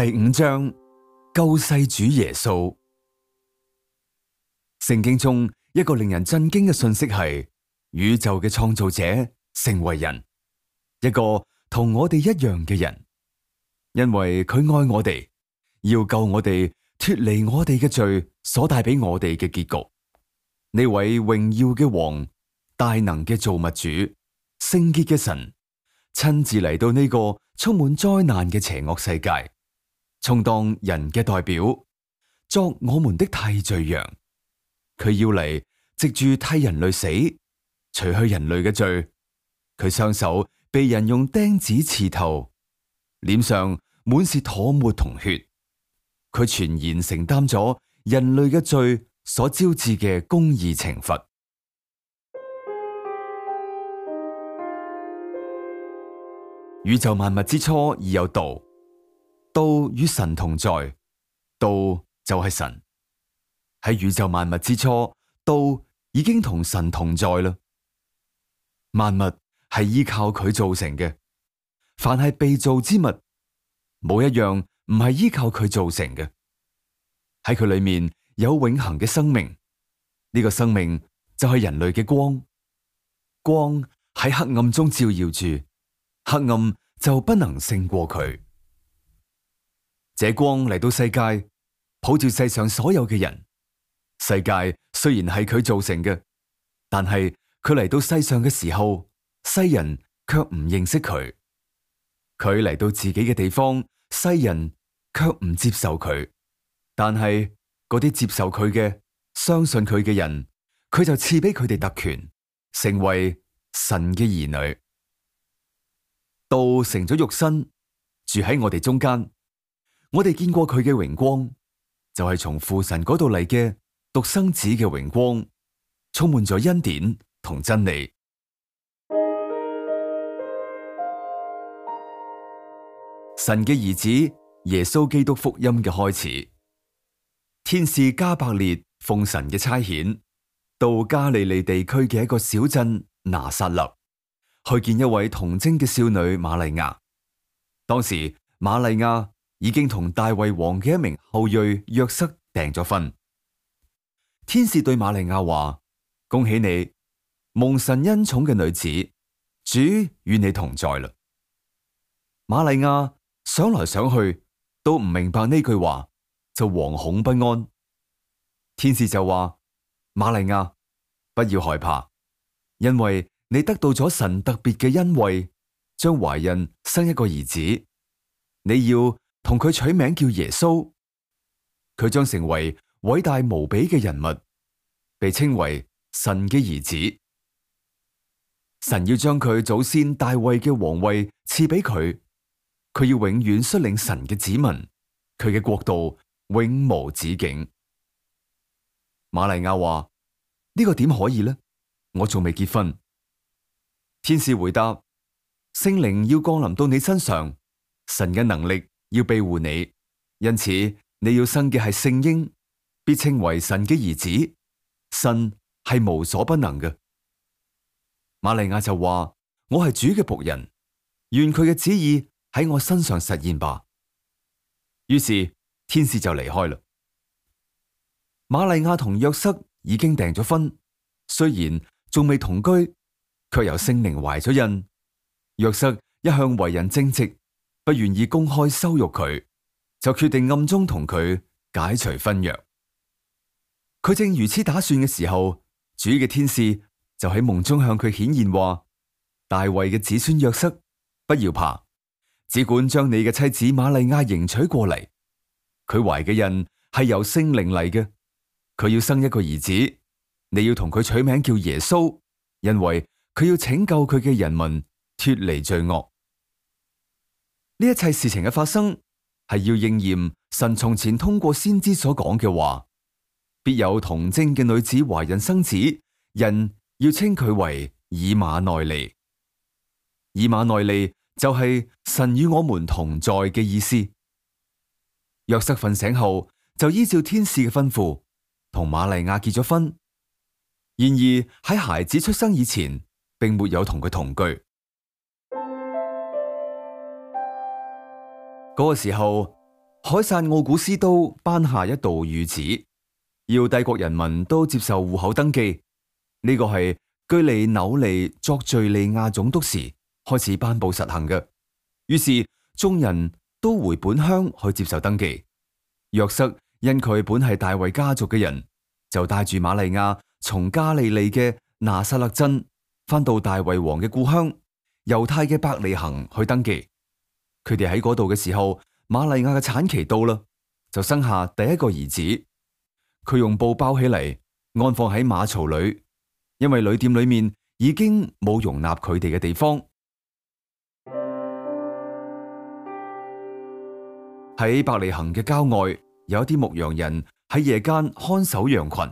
第五章，救世主耶穌。聖經中一個令人震驚嘅信息係宇宙嘅創造者成為人，一個同我哋一樣嘅人，因為佢愛我哋，要救我哋脫離我哋嘅罪，所帶俾我哋嘅結局。呢位榮耀嘅王、大能嘅造物主、聖潔嘅神，親自嚟到呢個充滿災難嘅邪惡世界。充當人嘅代表，作我們的替罪羊。佢要嚟藉住替人類死，除去人類嘅罪。佢雙手被人用釘子刺透，臉上滿是唾沫同血。佢全然承擔咗人類嘅罪所招致嘅公義懲罰。 宇宙萬物之初已有道。道與神同在，道就係神。喺宇宙萬物之初，道已經同神同在啦。萬物係依靠佢造成嘅，凡係被造之物，冇一樣唔係依靠佢造成嘅。喺佢裏面有永恒嘅生命，呢個生命就係人類嘅光，光喺黑暗中照耀住，黑暗就不能勝過佢。這光嚟到世界，抱住世上所有嘅人。世界雖然係佢造成嘅，但係佢嚟到世上嘅時候，世人卻唔認識佢。佢嚟到自己嘅地方，世人卻唔接受佢。但係嗰啲接受佢嘅、相信佢嘅人，佢就賜俾佢哋特權，成為神嘅兒女。道成咗肉身，住喺我哋中間。我哋見過佢嘅榮光，就係、是、從父神嗰度嚟嘅獨生子嘅榮光，充滿咗恩典同真理。神嘅兒子耶穌基督福音嘅開始，天使加百列奉神嘅差遣，到加利利地區嘅一個小鎮拿撒勒，去見一位童貞嘅少女瑪利亞。當時，瑪利亞。已經同大衛王嘅一名後裔約瑟訂咗婚。天使對瑪利亞話：恭喜你，蒙神恩寵嘅女子，主與你同在啦。瑪利亞想來想去都唔明白呢句話，就惶恐不安。天使就話：瑪利亞，不要害怕，因為你得到咗神特別嘅恩惠，將懷孕生一個兒子，你要……同佢取名叫耶穌，佢將成為偉大無比嘅人物，被稱為神嘅兒子。神要將佢祖先大衛嘅皇位賜俾佢，佢要永遠率領神嘅子民，佢嘅國度永無止境。瑪利亞話：呢個點可以呢？我仲未結婚。天使回答：聖靈要降臨到你身上，神嘅能力，要庇護你，因此你要生嘅係聖嬰，必稱為神嘅兒子。神係無所不能嘅。瑪利亞就話：我係主嘅僕人，願佢嘅旨意喺我身上實現吧。於是天使就離開啦。瑪利亞同約瑟已經訂咗婚，雖然仲未同居，卻由聖靈懷咗孕。約瑟一向為人正直。佢不願意公開羞辱佢，就決定暗中同佢解除婚約。佢正如此打算嘅時候，主嘅天使就喺夢中向佢顯現話：大衛嘅子孫約瑟，不要怕，只管將你嘅妻子瑪利亞迎娶過嚟。佢懷嘅孕係由聖靈嚟嘅，佢要生一個兒子，你要同佢取名叫耶穌，因為佢要拯救佢嘅人民脱離罪惡。呢一切事情嘅發生係要應驗神從前通過先知所講嘅話，必有童貞嘅女子懷孕生子，人要稱佢為以馬內利。以馬內利就係神與我們同在嘅意思。若瑟瞓醒後就依照天使嘅吩咐，同瑪利亞結咗婚，然而喺孩子出生以前，並沒有同佢同居。嗰個時候，凱撒奧古斯都頒下一道諭旨，要帝國人民都接受戶口登記。呢、這個係居里紐利作敘利亞總督時開始頒布實行嘅。於是眾人都回本鄉去接受登記。約瑟因佢本係大衛家族嘅人，就帶住瑪利亞從加利利嘅拿撒勒鎮翻到大衛王嘅故鄉猶太嘅伯利恆去登記。佢哋喺嗰度嘅時候，瑪利亞嘅產期到啦，就生下第一個兒子。佢用布包起嚟，安放喺馬槽裏，因為旅店裏面已經冇容納佢哋嘅地方。喺伯利恒嘅郊外，有一啲牧羊人喺夜間看守羊群。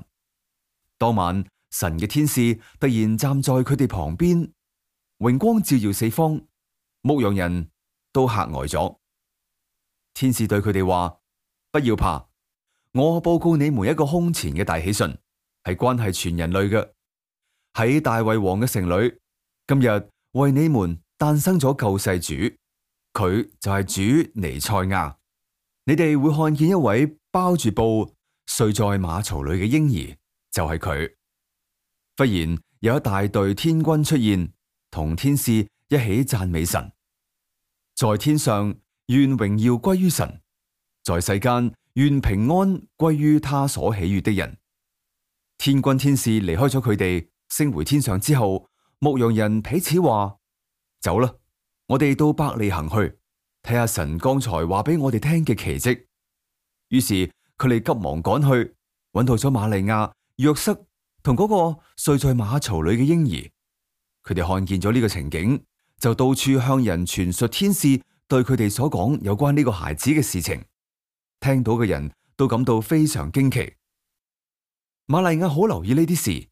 當晚，神嘅天使突然站在佢哋旁邊，榮光照耀四方，牧羊人都嚇呆咗。天使對佢哋話：不要怕，我報告你們一個空前嘅大喜訊，係關係全人類嘅。喺大衛王嘅城裏，今日為你們誕生咗救世主，佢就係主彌賽亞。你哋會看見一位包住布睡在馬槽裏嘅嬰兒，就係、是、佢。忽然有一大隊天軍出現，同天使一起讚美神。在天上，願榮耀歸於神；在世間，願平安歸於他所喜悦的人。天軍天使離開咗佢哋，升回天上之後，牧羊人彼此話：走啦，我哋到伯利恆去，睇下神剛才話俾我哋聽嘅奇蹟。於是佢哋急忙趕去，揾到咗瑪利亞約瑟同嗰個睡在馬槽裏嘅嬰兒。佢哋看見咗呢個情景。就到處向人傳述天使對佢哋所講有關呢個孩子嘅事情，聽到嘅人都感到非常驚奇。瑪利亞好留意呢啲事，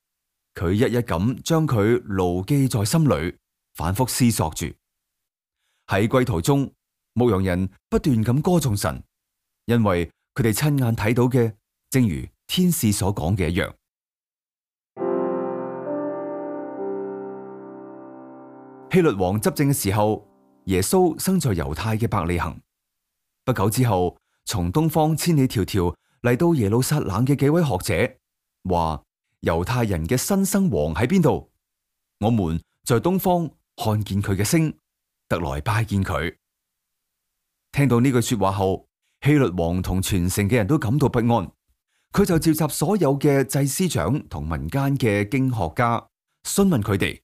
佢一一咁將佢牢記在心裏，反覆思索住。喺歸途中，牧羊人不斷咁歌頌神，因為佢哋親眼睇到嘅，正如天使所講嘅一樣。希律王執政嘅時候，耶穌生在猶太嘅伯利恆。不久之後，從東方千里迢迢嚟到耶路撒冷嘅幾位學者，話，猶太人嘅新生王喺邊度？我們在東方看見佢嘅星，特來拜見佢。聽到呢句說話後，希律王同全城嘅人都感到不安。佢就召集所有嘅祭司長同民間嘅經學家，詢問佢哋。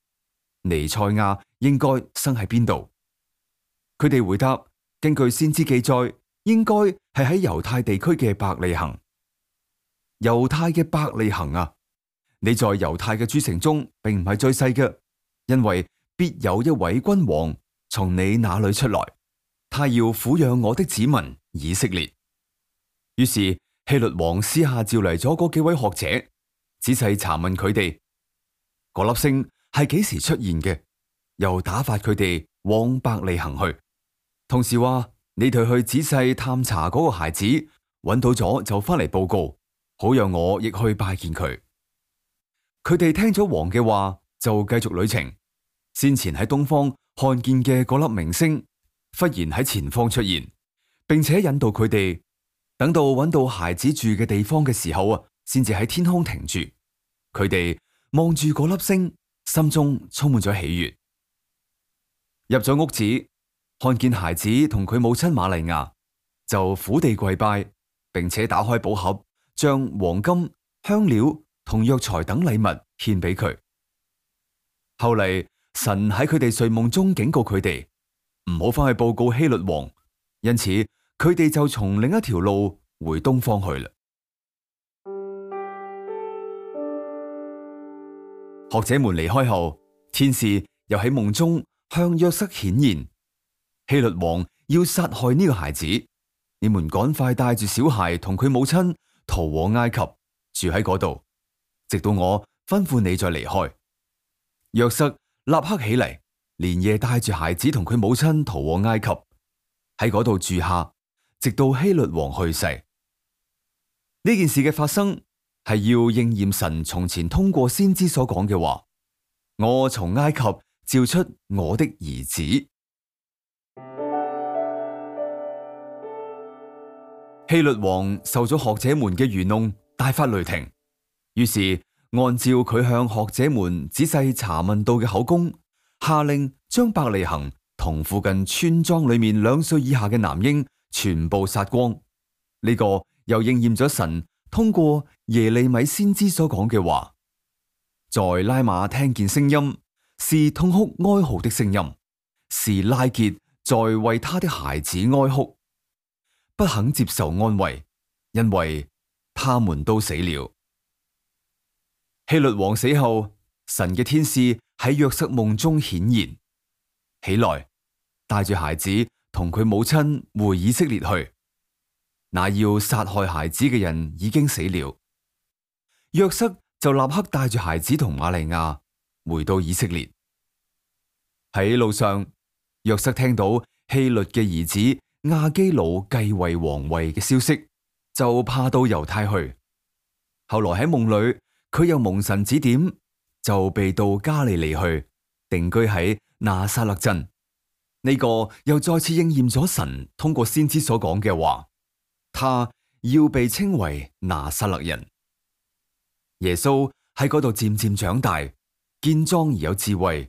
彌賽亞應該生喺邊度？佢哋回答：根據先知記載，應該係喺猶太地區嘅伯利恒。猶太嘅伯利恒啊，你在猶太嘅諸城中，並唔係最細嘅，因為必有一位君王從你那裏出來，他要撫養我的子民以色列。於是希律王私下召嚟咗嗰幾位學者，仔細查問佢哋嗰粒星係幾時出現嘅？又打發佢哋往伯利恆去，同時話：你哋去仔細探查嗰個孩子，揾到咗就翻嚟報告，好讓我亦去拜見佢。佢哋聽咗王嘅話，就繼續旅程。先前喺東方看見嘅嗰粒明星，忽然喺前方出現，並且引導佢哋。等到揾到孩子住嘅地方嘅時候啊，先至喺天空停住。佢哋望住嗰粒星，心中充滿咗喜悅，入咗屋子，看見孩子同佢母親瑪利亞，就俯地跪拜，並且打開寶盒，將黃金、香料同藥材等禮物獻俾佢。後嚟神喺佢哋睡夢中警告佢哋唔好返去報告希律王，因此佢哋就從另一條路回東方去啦。學者們離開後，天使又喺夢中向約瑟顯現，希律王要殺害呢個孩子，你們趕快帶住小孩同佢母親逃往埃及，住喺嗰度，直到我吩咐你再離開。約瑟立刻起嚟，連夜帶住孩子同佢母親逃往埃及，喺嗰度住下，直到希律王去世。呢件事嘅發生。係要應驗神從前通過先知所講嘅話，我從埃及召出我的兒子 希律王受咗學者們嘅愚弄，大發雷霆。於是按照佢向學者們仔細查問到嘅口供，下令將伯利恆同附近村莊裏面兩歲以下嘅男嬰全部殺光。呢、這個又應驗咗神。通過耶利米先知所講嘅話，在拉瑪聽見聲音，是痛哭哀嚎的聲音，是拉結在為他的孩子哀哭，不肯接受安慰，因為他們都死了。希律王死後，神嘅天使喺約瑟夢中顯現，起來，帶住孩子同佢母親回以色列去。那要殺害孩子嘅人已經死了，約瑟就立刻帶住孩子同馬利亞回到以色列。喺路上，約瑟聽到希律嘅兒子亞基老繼位皇位嘅消息，就怕到猶太去。後來喺夢裏，佢又蒙神指點，就被到加利利去定居喺拿撒勒鎮。呢、這個又再次應驗咗神通過先知所講嘅話。他要被稱為拿撒勒人。耶穌喺嗰度漸漸長大，健壯而有智慧，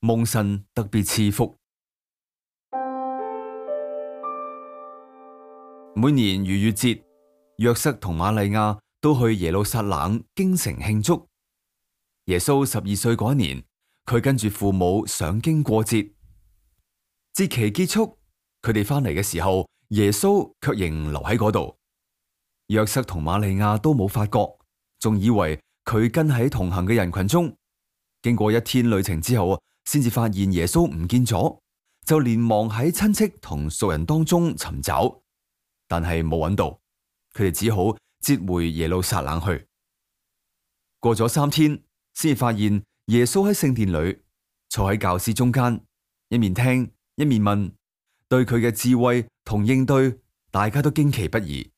蒙神特別賜福。每年逾越節，約瑟同瑪利亞都去耶路撒冷京城慶祝。耶穌十二歲嗰一年，佢跟住父母上京過節。節期結束，佢哋翻嚟嘅時候。耶穌卻仍留喺嗰度，約瑟同瑪利亞都冇發覺，仲以為佢跟喺同行嘅人群中。經過一天旅程之後先至發現耶穌唔見咗，就連忙喺親戚同熟人當中尋找，但係冇揾到，佢哋只好折回耶路撒冷去。過咗三天，先至發現耶穌喺聖殿裏坐喺教師中間，一面聽一面問，對佢嘅智慧。同應對，大家都驚奇不已。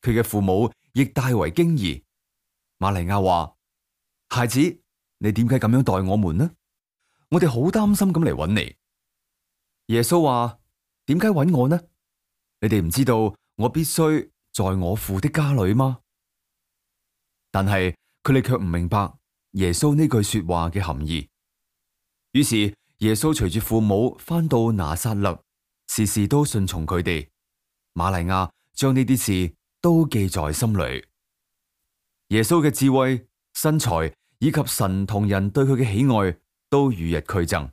佢嘅父母亦大為驚異。瑪利亞話：孩子，你點解咁樣待我們呢？我哋好擔心咁嚟搵你。耶穌話：點解搵我呢？你哋唔知道我必須在我父的家裏嗎？但係佢哋卻唔明白耶穌呢句說話嘅含義。於是耶穌隨住父母翻到拿撒勒。事事都順從佢哋，瑪利亞將呢啲事都記在心裏。耶穌嘅智慧、身材以及神同人對佢嘅喜愛都與日俱增。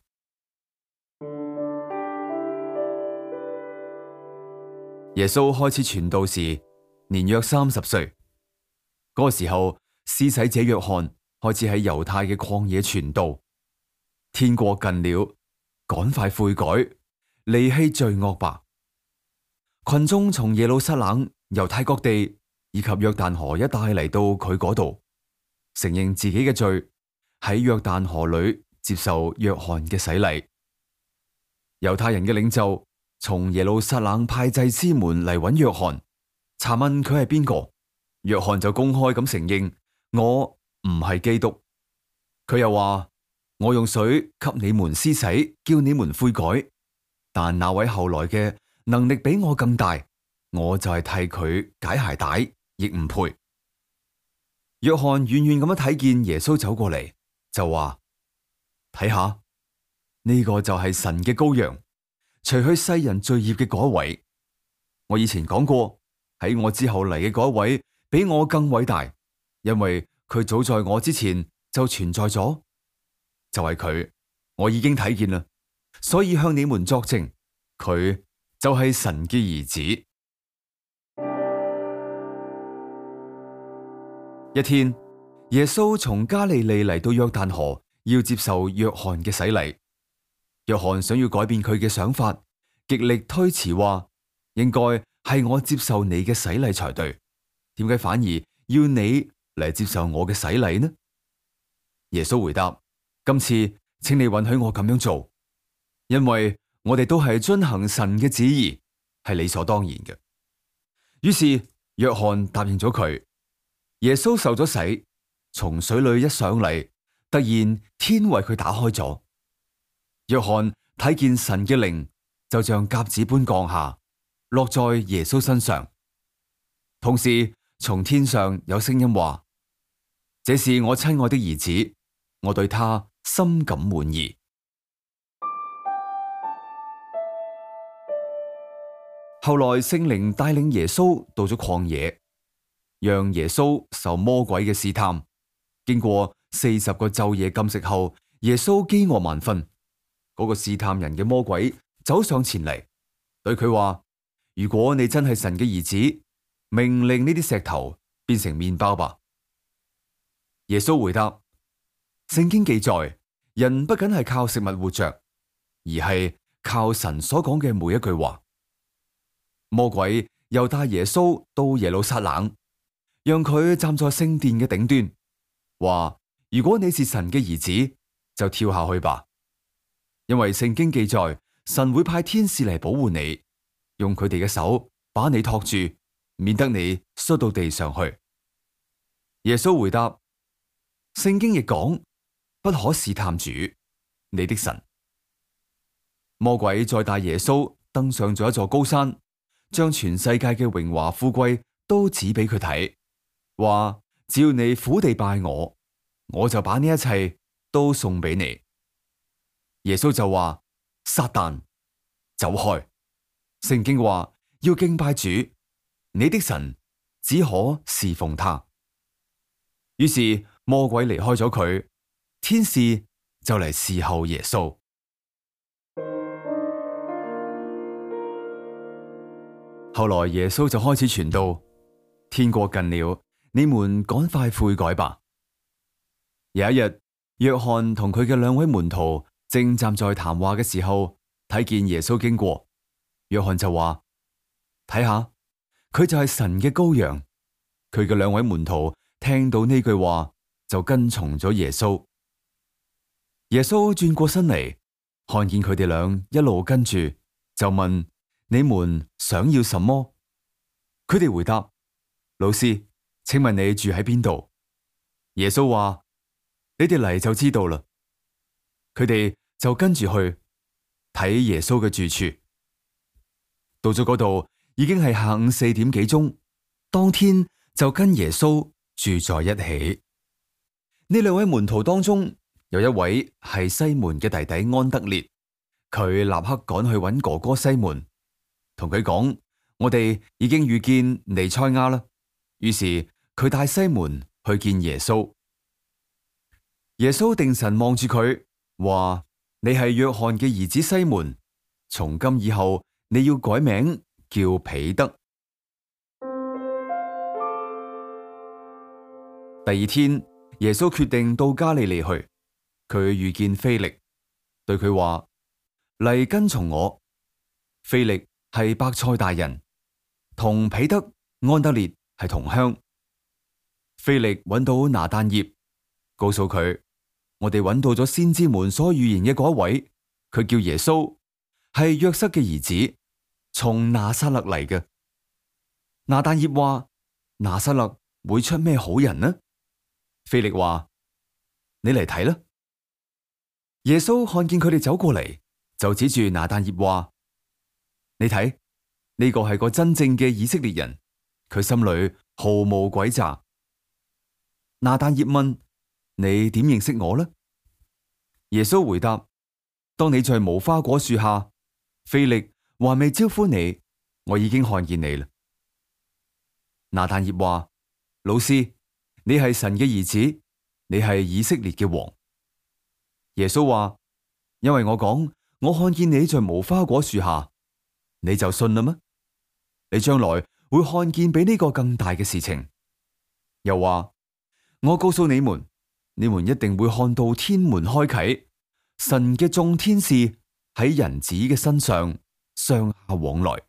耶穌開始傳道時，年約三十歲。嗰、那個、時候，施洗者約翰開始喺猶太嘅曠野傳道。天國近了，趕快悔改。離棄罪惡吧！群眾從耶路撒冷、猶太各地以及約旦河一帶嚟到佢嗰度，承認自己嘅罪，喺約旦河裏接受約翰嘅洗禮。猶太人嘅領袖從耶路撒冷派祭司們嚟揾約翰，查問佢係邊個。約翰就公開咁承認：我唔係基督。佢又話：我用水給你們施洗，叫你們悔改。但那位後來嘅能力比我更大，我就係替佢解鞋帶，亦唔配。約翰遠遠咁樣睇見耶穌走過嚟，就話：睇下呢個就係神嘅羔羊，除去世人罪孽嘅嗰一位。我以前講過，喺我之後嚟嘅嗰一位比我更偉大，因為佢早在我之前就存在咗，就係、是、佢，我已經睇見啦。所以向你們作證，佢就係神嘅兒子。一天，耶穌從加利利嚟到約旦河，要接受約翰嘅洗禮。約翰想要改變佢嘅想法，極力推辭話：「應該係我接受你嘅洗禮才對。」點解反而要你嚟接受我嘅洗禮呢？耶穌回答：「今次請你允許我咁樣做。」因為我哋都係遵行神嘅旨意，係理所當然嘅。於是約翰答應咗佢。耶穌受咗洗，從水裏一上嚟，突然天為佢打開咗。約翰睇見神嘅靈就像鴿子般降下，落在耶穌身上。同時從天上有聲音話：這是我親愛的兒子，我對他深感滿意。後來聖靈帶領耶穌到咗曠野，讓耶穌受魔鬼嘅試探。經過四十個晝夜禁食後，耶穌饑餓萬分。嗰個試探人嘅魔鬼走上前嚟，對佢話：如果你真係神嘅兒子，命令呢啲石頭變成麵包吧。耶穌回答：聖經記載，人不僅係靠食物活着，而係靠神所講嘅每一句話。魔鬼又帶耶穌到耶路撒冷，讓佢站在聖殿嘅頂端，話：如果你是神嘅兒子，就跳下去吧。因為聖經記載，神會派天使嚟保護你，用佢哋嘅手把你托住，免得你摔到地上去。耶穌回答：聖經亦講，不可試探主，你的神。魔鬼再帶耶穌登上咗一座高山。將全世界嘅榮華富貴都指俾佢睇，話，只要你苦地拜我，我就把呢一切都送俾你。耶穌就話：撒旦，走開！聖經話，要敬拜主，你的神只可侍奉他。於是魔鬼離開咗佢，天使就嚟侍候耶穌。後來耶穌就開始傳道，天國近了，你們趕快悔改吧。有一日，約翰同佢嘅兩位門徒正站在談話嘅時候，睇見耶穌經過，約翰就話：睇下，佢就係神嘅羔羊。佢嘅兩位門徒聽到呢句話，就跟從咗耶穌。耶穌轉過身嚟，看見佢哋倆一路跟住，就問。你們想要什麼？佢哋回答：老師，請問你住喺邊度？耶穌話：你哋嚟就知道啦。佢哋就跟住去睇耶穌嘅住處。到咗嗰度，已經係下午四點幾鐘。當天就跟耶穌住在一起。呢兩位門徒當中，有一位係西門嘅弟弟安德烈，佢立刻趕去搵哥哥西門。同佢講，我哋已經遇見尼塞亞啦。於是佢帶西門去見耶穌。耶穌定神望住佢，話：你係約翰嘅兒子西門，從今以後你要改名叫彼得。第二天，耶穌決定到加利利去。佢遇見腓力，對佢話：嚟跟從我，腓力。係白菜大人同彼得安德烈係同鄉，菲力揾到拿單葉，告訴佢：我哋揾到咗先知們所預言嘅嗰一位，佢叫耶穌，係約瑟嘅兒子，從拿撒勒嚟嘅。拿單葉話：拿撒勒會出咩好人呢？菲力話：你嚟睇啦。耶穌看見佢哋走過嚟，就指住拿單葉話。你睇呢，這個係個真正嘅以色列人，佢心裏毫無詭詐。拿但業問：你點認識我呢？耶穌回答：當你在無花果樹下，腓力還未招呼你，我已經看見你啦。拿但業話：老師，你係神嘅兒子，你係以色列嘅王。耶穌話：因為我講，我看見你在無花果樹下。你就信啦咩？你將來會看見比呢個更大嘅事情。又話，我告訴你們，你們一定會看到天門開啟，神嘅眾天使喺人子嘅身上上下往來。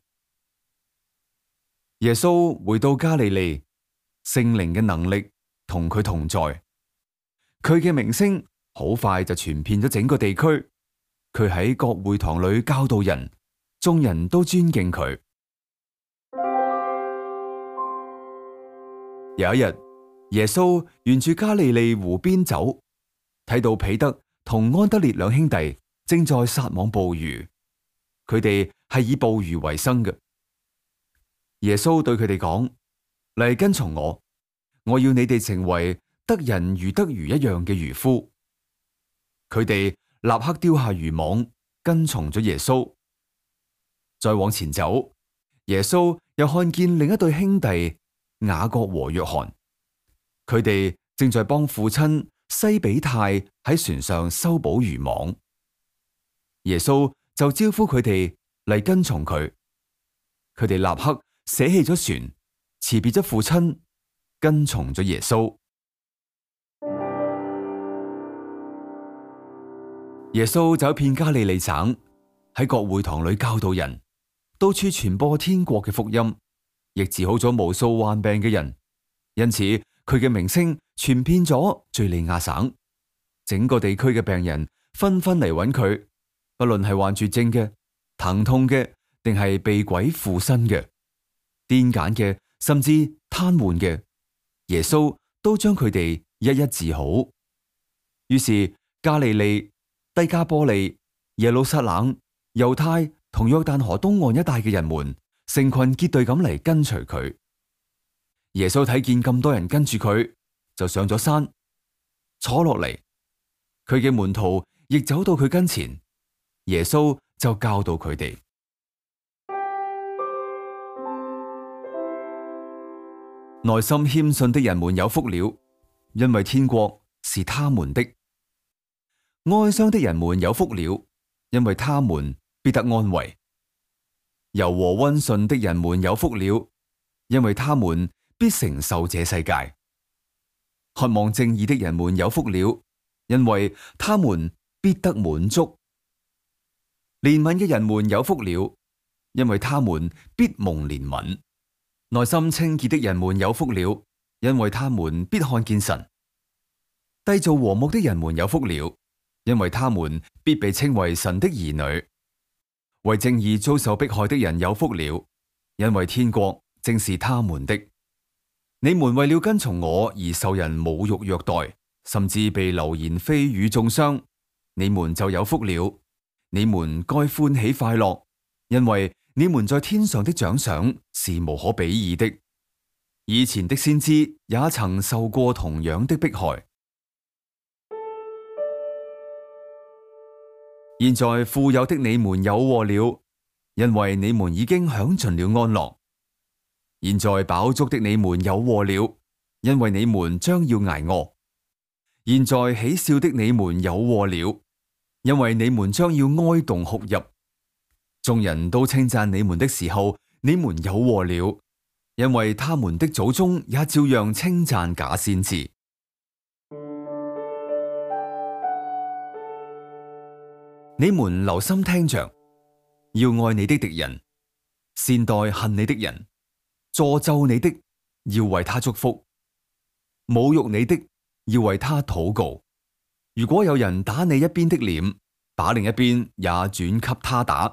耶穌回到加利利，聖靈嘅能力同佢同在，佢嘅名聲好快就傳遍咗整個地區。佢喺各會堂裏教導人。眾人都尊敬佢。有一日，耶穌沿住加利利湖邊走，睇到彼得同安德烈兩兄弟正在撒網捕魚，佢哋係以捕魚為生嘅。耶穌對佢哋講：嚟跟從我，我要你哋成為得人如得魚一樣嘅漁夫。佢哋立刻丟下漁網，跟從咗耶穌。再往前走，耶穌又看見另一對兄弟雅各和約翰，佢哋正在幫父親西比泰喺船上修補漁網。耶穌就招呼佢哋嚟跟從佢，佢哋立刻捨棄咗船，辭別咗父親，跟從咗耶穌。耶穌走遍加利利省，喺各會堂裏教導人。到處傳播天國嘅福音，亦治好咗無數患病嘅人，因此佢嘅名聲傳遍咗敘利亞省，整個地區嘅病人紛紛嚟揾佢，不論係患絕症嘅、疼痛嘅，定係被鬼附身嘅、癲癇嘅，甚至癱瘓嘅，耶穌都將佢哋一一治好。於是加利利、低加波利、耶路撒冷、猶太。同約旦河東岸一帶嘅人們成群結隊咁嚟跟隨佢。耶穌睇見咁多人跟住佢，就上咗山，坐落嚟。佢嘅門徒亦走到佢跟前，耶穌就教導佢哋：內 心謙遜的人們有福了，因為天國是他們的；哀傷的人們有福了，因為他們。必得安慰，柔和溫順的人們有福了，因為他們必承受這世界；渴望正義的人們有福了，因為他們必得滿足；憐憫的人們有福了，因為他們必蒙憐憫；內心清潔的人們有福了，因為他們必看見神；締造和睦的人們有福了，因為他們必被稱為神的兒女。為正義遭受迫害的人有福了，因為天國正是他們的。你們為了跟從我而受人侮辱、虐待，甚至被流言蜚語中傷，你們就有福了。你們該歡喜快樂，因為你們在天上的獎賞是無可比擬的。以前的先知也曾受過同樣的迫害。現在富有的你們有禍了，因為你們已經享盡了安樂。現在飽足的你們有禍了，因為你們將要挨餓。現在喜笑的你們有禍了，因為你們將要哀慟哭泣。眾人都稱讚你們的時候，你們有禍了，因為他們的祖宗也照樣稱讚假先知。你們留心聽着，要愛你的敵人，善待恨你的人，詛咒你的要為他祝福，侮辱你的要為他禱告。如果有人打你一邊的臉，把另一邊也轉給他打；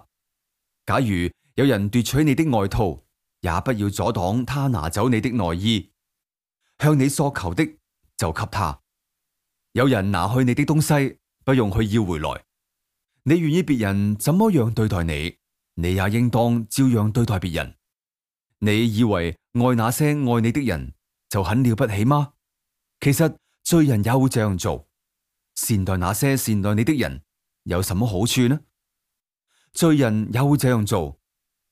假如有人奪取你的外套，也不要阻擋他拿走你的內衣。向你索求的就給他，有人拿去你的東西，不用去要回來。你願意別人怎麼樣對待你，你也應當照樣對待別人。你以為愛那些愛你的人就很了不起嗎？其實罪人也會這樣做。善待那些善待你的人有什麼好處呢？罪人也會這樣做。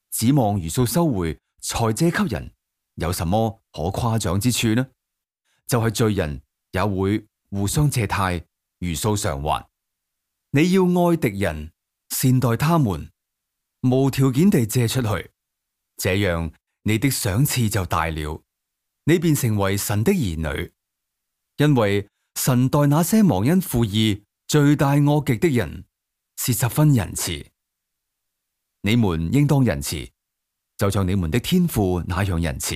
指望如數收回，才借給人有什麼可誇獎之處呢？就係、是、罪人也會互相借貸，如數償還。你要愛敵人，善待他們，無條件地借出去，這樣你的賞賜就大了。你便成為神的兒女，因為神待那些忘恩負義、罪大惡極的人是十分仁慈。你們應當仁慈，就像你們的天父那樣仁慈。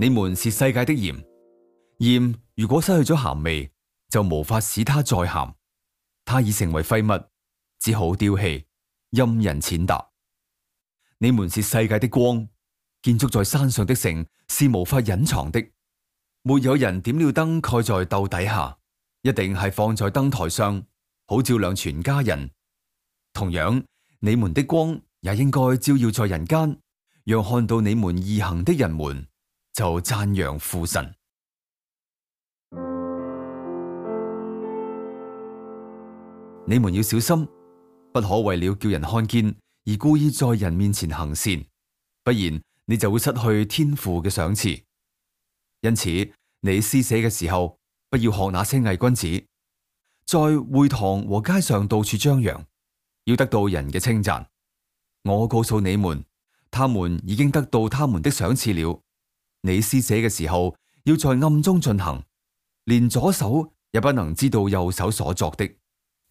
你們是世界的鹽。鹽如果失去咗鹹味，就無法使它再鹹，它已成為廢物，只好丟棄，任人踐踏。你們是世界的光，建築在山上的城是無法隱藏的，沒有人點了燈蓋在斗底下，一定係放在燈台上，好照亮全家人。同樣，你們的光也應該照耀在人間，讓看到你們義行的人們就讚揚父神。你們要小心，不可為了叫人看見而故意在人面前行善，不然你就會失去天父嘅賞賜。因此，你施捨嘅時候，不要學那些偽君子，在會堂和街上到處張揚，要得到人嘅稱讚。我告訴你們，他們已經得到他們的賞賜了。你施捨嘅時候，要在暗中進行，連左手也不能知道右手所作的。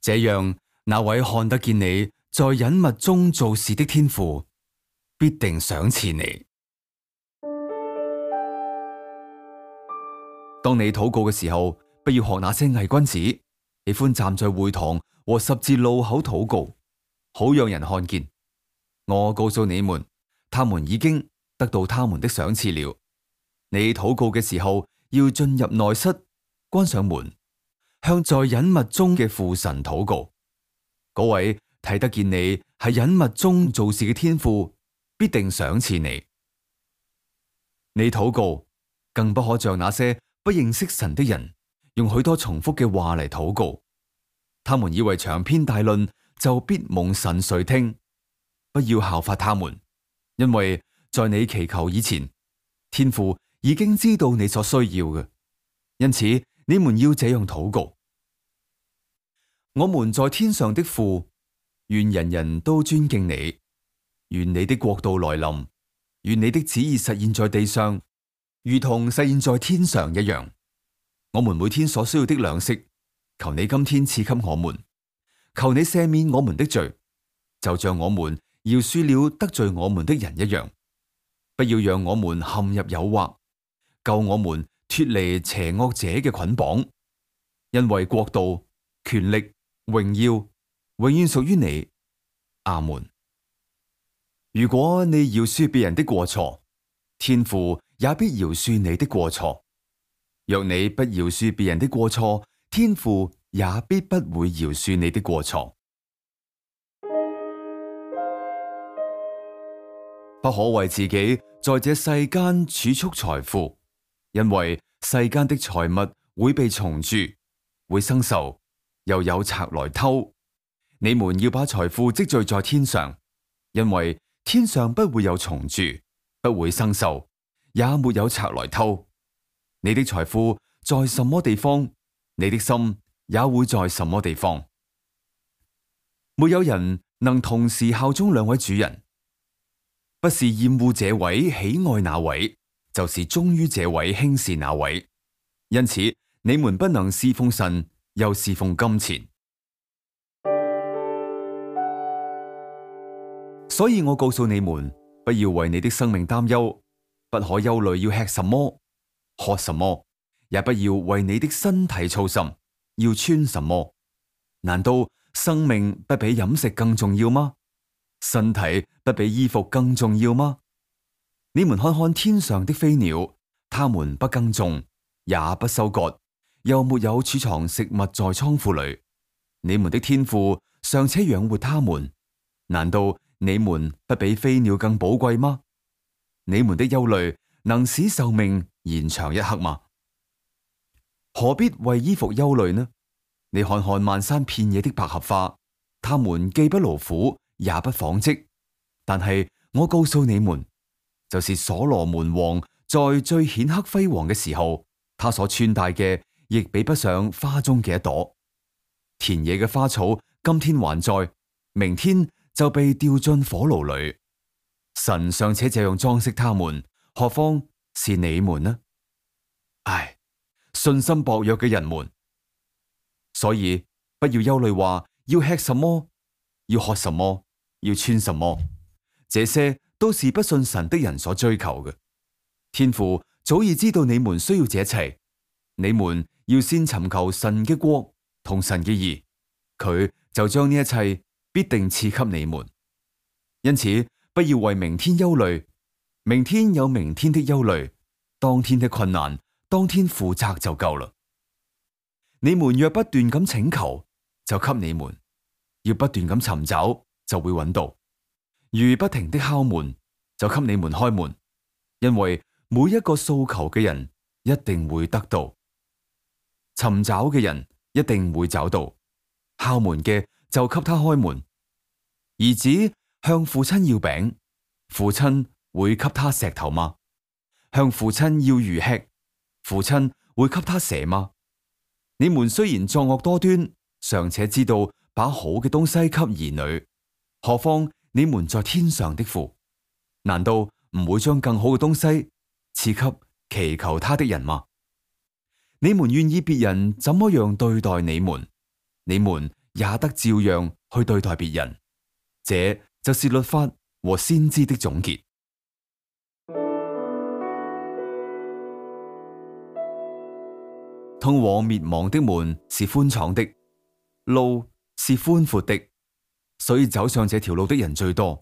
這樣，那位看得見你在隱密中做事的天父，必定賞賜你。當你禱告嘅時候，不要學那些偽君子，喜歡站在會堂和十字路口禱告，好讓人看見。我告訴你們，他們已經得到他們的賞賜了。你禱告嘅時候，要進入內室，關上門。向在隱密中嘅父神禱告，嗰位睇得見你喺隱密中做事嘅天父，必定賞賜你。你禱告更不可像那些不認識神的人，用許多重複嘅話嚟禱告，他們以為長篇大論就必蒙神垂聽。不要效法他們，因為在你祈求以前，天父已經知道你所需要嘅，因此。你們要這樣禱告：我們在天上的父，願人人都尊敬你，願你的國度來臨，願你的旨意實現在地上，如同實現在天上一樣。我們每天所需要的糧食，求你今天賜給我們。求你赦免我們的罪，就像我們饒恕了得罪我們的人一樣。不要讓我們陷入誘惑，救我們。脫離邪惡者嘅捆綁，因為國度、權力、榮耀永遠屬於你，阿門。如果你饒恕別人的過錯，天父也必饒恕你的過錯；若你不饒恕別人的過錯，天父也必不會饒恕你的過錯。不可為自己在這世間儲蓄財富。因為世間的財物會被蟲蛀，會生鏽，又有賊來偷。你們要把財富積聚在天上，因為天上不會有蟲蛀，不會生鏽，也沒有賊來偷。你的財富在什麼地方，你的心也會在什麼地方。沒有人能同時效忠兩位主人，不是厭惡這位，喜愛那位。就是忠於這位，輕視那、啊、位。因此，你們不能侍奉神，又侍奉金錢。 所以我告訴你們，不要為你的生命擔憂，不可憂慮要吃什麼、喝什麼，也不要為你的身體操心，要穿什麼？難道生命不比飲食更重要嗎？身體不比衣服更重要嗎？你們看看天上的飛鳥，它們不耕種，也不收割，又沒有儲藏食物在倉庫裏。你們的天父尚且養活它們，難道你們不比飛鳥更寶貴嗎？你們的憂慮能使壽命延長一刻嗎？何必為衣服憂慮呢？你看看漫山遍野的百合花，它們既不勞苦，也不紡織。但係，我告訴你們。就是所羅門王在最顯赫輝煌嘅時候，他所穿戴嘅，亦比不上花中嘅一朵。田野嘅花草，今天還在，明天就被掉進火爐裏。神尚且這樣裝飾他們，何況是你們呢？唉，信心薄弱嘅人們，所以不要憂慮，話要吃什麼，要喝什麼，要穿什麼，這些。都是不信神的人所追求嘅。天父早已知道你們需要這一切，你們要先尋求神嘅國同神嘅義，佢就將呢一切必定賜給你們。因此，不要為明天憂慮，明天有明天的憂慮，當天的困難，當天負責就夠啦。你們若不斷咁請求，就給你們；要不斷咁尋找，就會揾到。如不停的敲門，就給你們開門，因為每一個訴求嘅人一定會得到，尋找嘅人一定會找到，敲門嘅就給他開門。兒子向父親要餅，父親會給他石頭嗎？向父親要魚吃，父親會給他蛇嗎？你們雖然作惡多端，尚且知道把好嘅東西給兒女，何況……你們在天上的父，難道唔會將更好嘅東西賜給祈求他的人嗎？你們願意別人怎麼樣對待你們，你們也得照樣去對待別人。這就是律法和先知的總結。通往滅亡的門是寬敞的，路是寬闊的。所以走上這條路的人最多，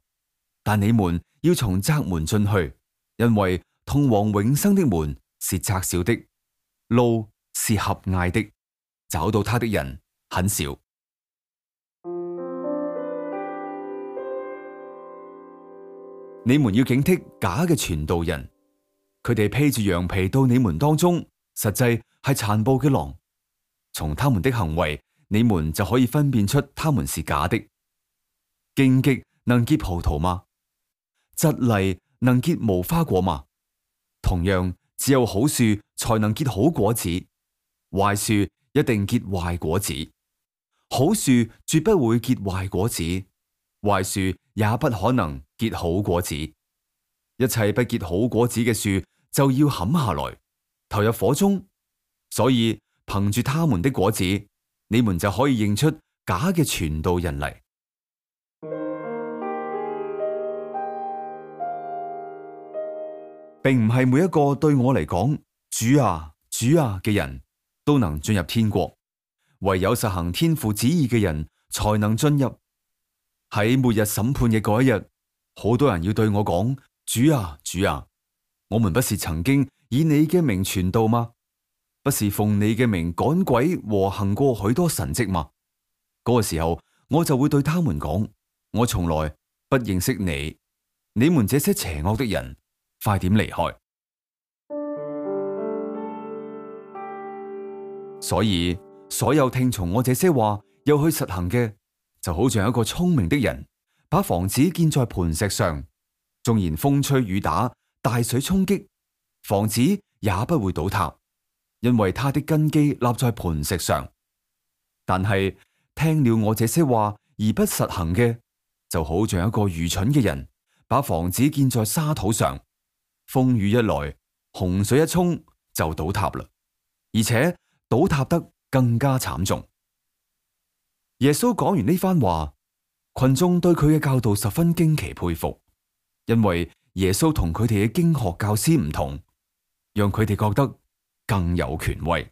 但你們要從窄門進去，因為通往永生的門是窄小的，路是狹隘的，找到他的人很少。 你們要警惕假嘅傳道人，佢哋披住羊皮到你們當中，實際係殘暴嘅狼。從他們的行為，你們就可以分辨出他們是假的。荊棘能結葡萄嗎？蒺藜能結無花果嗎？同樣，只有好樹才能結好果子，壞樹一定結壞果子。好樹絕不會結壞果子，壞樹也不可能結好果子。一切不結好果子嘅樹就要砍下來，投入火中。所以，憑住他們的果子，你們就可以認出假嘅傳道人嚟。並唔係每一個對我嚟講，主啊主啊嘅人都能進入天國，唯有實行天父旨意嘅人才能進入。喺末日審判嘅嗰一日，好多人要對我講：主啊主啊，我們不是曾經以你嘅名傳道嗎？不是奉你嘅名趕鬼和行過許多神蹟嗎？嗰個時候，我就會對他們講：我從來不認識你，你們這些邪惡的人。快點離開！所以，所有聽從我這些話又去實行嘅，就好像一個聰明的人，把房子建在磐石上，縱然風吹雨打，大水沖擊，房子也不會倒塌，因為它的根基立在磐石上。但係聽了我這些話而不實行嘅，就好像一個愚蠢嘅人，把房子建在沙土上。風雨一來，洪水一沖，就倒塌啦，而且倒塌得更加慘重。耶穌講完呢番話，群眾對佢嘅教導十分驚奇佩服，因為耶穌同佢哋嘅經學教師唔同，讓佢哋覺得更有權威。